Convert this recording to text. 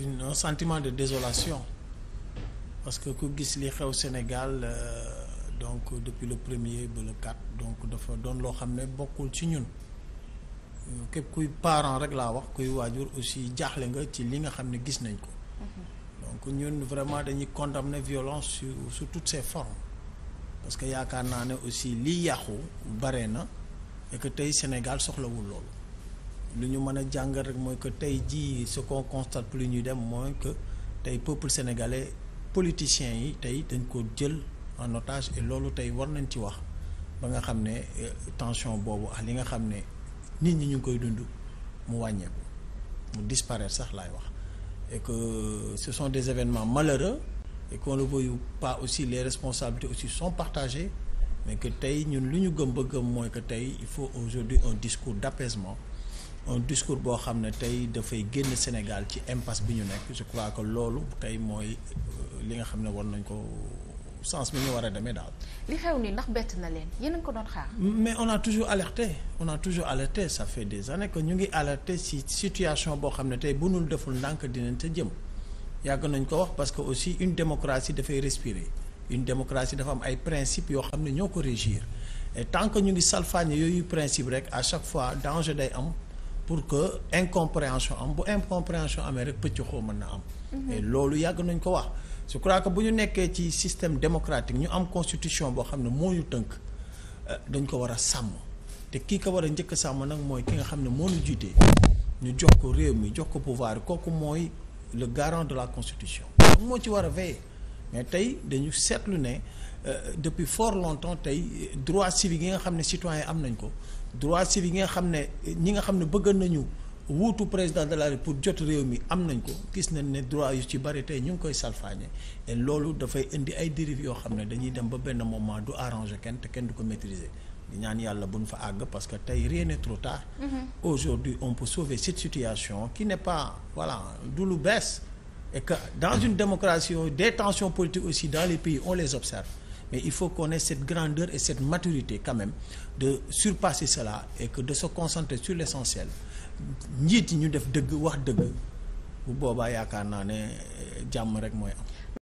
une sentiment de désolation parce que ku gis li xew Sénégal euh, donc depuis le premier ba le donc dafa doon loo xam ne bokkul ci ñun képp kuy parent rek laa wax kuy waajur aussi jaaxle nga ci li nga xam ne gis nañ ko. donc ñun vraiment dañuy condamner violence sur sur toutes ses parce que yaakaar naa ne aussi liy yàqu bare na et que tey Sénégal soxlawul loolu. lu ñu mën a jàngal rek mooy que tey jii ce qu'on constate plus ñuy dem mooy que tey peuple sénégalais politiciens yi tey dañ ko jël en otage et loolu tey war nañ ci wax ba nga xam ne euh, tension boobu ak li nga xam ne nit ñi ñu ngi koy dund mu wàññeeku mu disparaître sax laay wax et que euh, ce sont des événements malheureux et qu'on le pas aussi les responsabilités aussi son partagées mais que tey ñun lu ñu gëm ba gëm mooy que tey il faut aujourd'hui un discours d'apaisement un discours boo xam ne tey dafay génn Sénégal ci impasse bi ñu nekk je crois que loolu tey mooy euh, li nga xam ne war nañ ko sens bi ñu war a demee daal. li xew nii ndax bett na leen yéen a ko doon xaar. mais on a toujours alerté on a toujours alerté ça fait des années que ñu ngi alerté si situation boo xam ne tey bu ñu deful ndànk dinañ te jëm yàgg nañ ko wax parce que aussi une démocratie dafay respirer une démocratie dafa am ay principes yoo xam ne ñoo ko tant que ñu ngi salfaañe yooyu principe rek à fois danger day am. pour que incompréhension am bu incompréhension amee rek xoo mën na am. loolu yàgg nañ ko wax. je crois que bu ñu nekkee ci système démocratique ñu am constitution boo xam ne moo ñu tënk euh, dañ ko war a sàmm te kii ko war a njëkk sàmm nag mooy ki nga xam ne moo ñu jiitee ñu jox ko réew mi jox ko pouvoir kooku mooy le garant de la constitution. moo ci war a veiller mais tey dañu seetlu ne. Euh, depuis fort longtemps tey droit civique yi nga xam ne citoyen am nañ ko droit civique yi nga xam ne ñi nga xam ne bëgg nañu wuutu président de la République pour jot réew mi am nañ ko gis nañ ne droit yu ci bari tey ñu ngi koy salfaañe et loolu dafay indi ay dérives yoo xam ne dañuy dem ba benn moment du arranger kenn te kenn du ko maîtriser ñaan yàlla buñ fa àgg parce que tey rien n'est trop tard. Mm-hmm. aujourd'hui on peut sauver cette situation qui n'est pas voilà du lu bees et que dans mm-hmm. une démocratie des tensions politiques aussi dans les pays on les observe mais il faut qu'on ait cette grandeur et cette maturité quand même de surpasser cela et que de se concentrer sur l'essentiel njiit yi ñu def dëgg wax dëgg bu boobaa yaakaar naa ne eh, jàmm rek mooy am